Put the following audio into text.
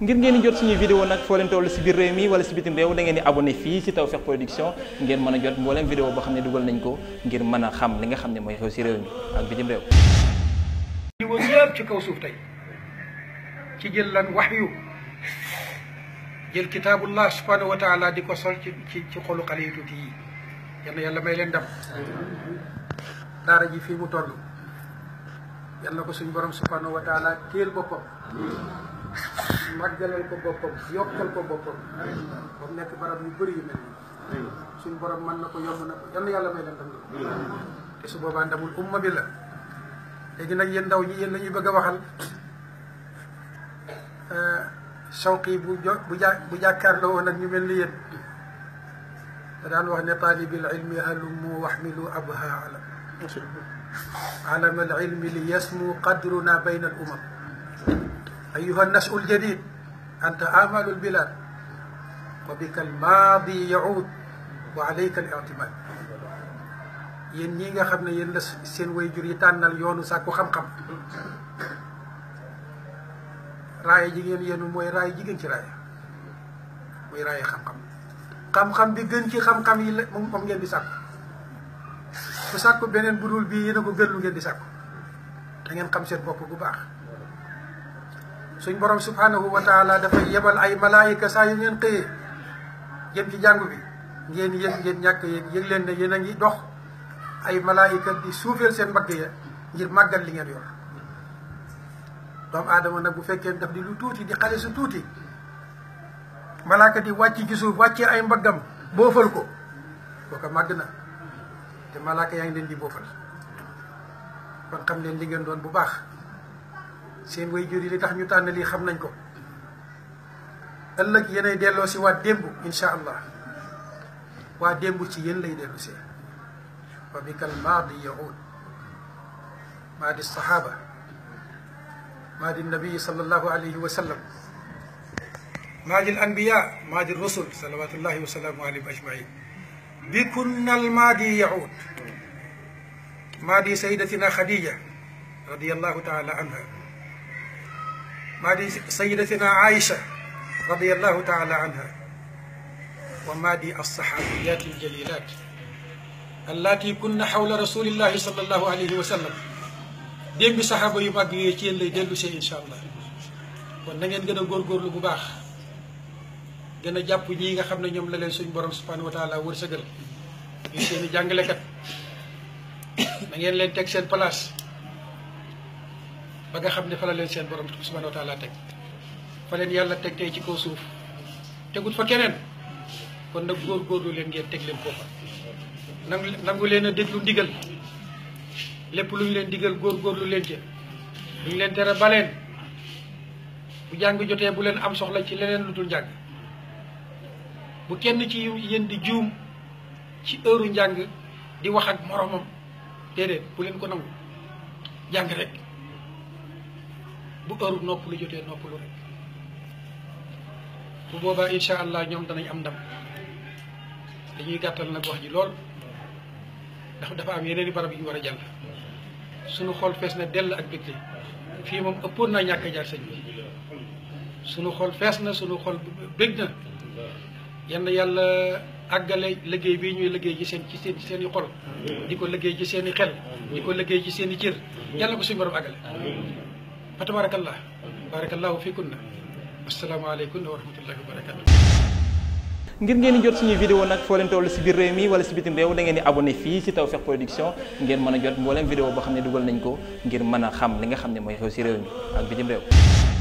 ngir ngeen di jot suñuy vidéo nag foo leen toll si biir réew mi wala si bitim réew da ngeen di abonné fii si Tawfekh Production ngeen mën a jot mbooleem vidéo boo xam ne dugal nañ ko ngir mën a xam li nga xam ne mooy xew si réew mi ak bitim réew di woon yëpp ci kaw suuf tey ci jël lan waxyu jël kitaabullah subhanahu wa di ko sol ci ci ci xolu xale tuuti yi yal yàlla may leen dem daara ji fii mu toll yal na ko suñu borom subhanahu wa taala boppam màggalal ko boppam yokkal ko boppam ba mu nekk barab yu bëri yu mel nii suñ borom mën na ko yomb na ko yal na yàlla may leen ndam te su boobaa ndamul umma bi la léegi nag yéen ndaw ñi yéen la ñuy bëgg a waxal Shawqi euh, bu jo bu ja bu jàkkaarloo woon ak ñu mel ni yéen da daan wax ne taalibil ilmi halumu waxmilu abha alam alam al ilmi li yasmu qadruna bayna al umam أيها النشء الجديد أنت آمال البلاد وبك الماضي يعود وعليك الاعتماد yéen ñii nga xam ne yéen la seen wayjur yi tànnal yoonu sàkku xam-xam raaya ji ngeen yéenu mooy raaya ji gën ci raaya mooy raaya xam-xam xam-xam bi gën ci xam-xam yi la moom ngeen di sàkku bu sàkku beneen bu dul bii yéen a ko gën lu ngeen di sàkku da ngeen xam seen bopp bu baax suñ borom subhanahu wa taala dafay yebal ay malaayika saa yu ngeen xëyee jëm ci jàngu bi ngeen yëg ngeen ñàkk yëg yëg leen ne yéen a ngi dox ay malaayika di suufeel seen mbagg ya ngir màggal li ngeen yoon doomu aadama nag bu fekkee daf di lu tuuti di xale su tuuti malaaka di wàcc ci suuf wàccee ay mbaggam boofal ko kooka màgg na te malaaka yaa ngi leen di boofal kon xam leen li ngeen doon bu baax seen way jur yi li tax ñu tànn lii xam nañ ko ëllëg yéenay delloo si waa démb insha allah waa démb ci yéen lay dellu see wa bikal maadi yaud maadi sahaaba maadi nabii sallallahu alayhi wa sallam maadi anbiya maadi rusul salawatullahi wa salaamu alayhim ajmain bi kunna al maadi yaud maadi saydatina khadija radiallahu taala anha ما دي سيدتنا عائشة رضي الله تعالى عنها وما دي الصحابيات الجليلات اللاتي كن حول رسول الله صلى الله عليه وسلم dém bi saxaaba yu màgg yooyu ci yéen lay dellu see incha allah kon na ngeen gën a góorgóorlu bu baax gën a jàpp ñii nga xam ne ñoom la leen suñu borom subhanahu wa taala wërsëgal ñu seen i jàngalekat na ngeen leen teg seen place ba nga xam ne fa la leen seen borom subhanahu wa teg fa leen yàlla teg tey ci kaw suuf tegut fa keneen kon nag góorgóorlu leen ngeen teg leen foofa nangu nangu leen a déglu ndigal lépp lu ñu leen digal góorgóorlu leen ci lu leen tere ba leen bu jàng jotee bu leen am soxla ci leneen lu dul njàng bu kenn ci yéen di juum ci heure njàng di wax ak moromam déedéet bu leen ko nangu jàng rek bu heure nopp lu jotee nopp lu rek bu boobaa incha allah ñoom danañ am ndam dañuy gàttal nag wax ji lool ndax dafa am yeneen i barab yu ñu war a jàll suñu xol fees na dell ak bégte fii moom ëppoon naa ñàkk a jaar suñu xol fees na suñu xol bég yenn yàlla àggale liggéey bii ñuy liggéey ci seen ci seen ci seen i xol di ko liggéey ci seen i xel di ko liggéey ci seen i cër yàlla ko suñu borom àggale fa tabarakallah barakallahu fikunna asalaamaaleykum wa rahmatullahi wa barakatu ngir ngeen di jot suñuy vidéo nag foo leen si biir réew mi wala si bitim réew da ngeen di abonné fii si Tawfekh Production ngeen mën a jot mbooleem vidéo boo xam ne dugal nañ ko ngir mën a xam li nga xam ne mooy xew si réew mi ak bitim réew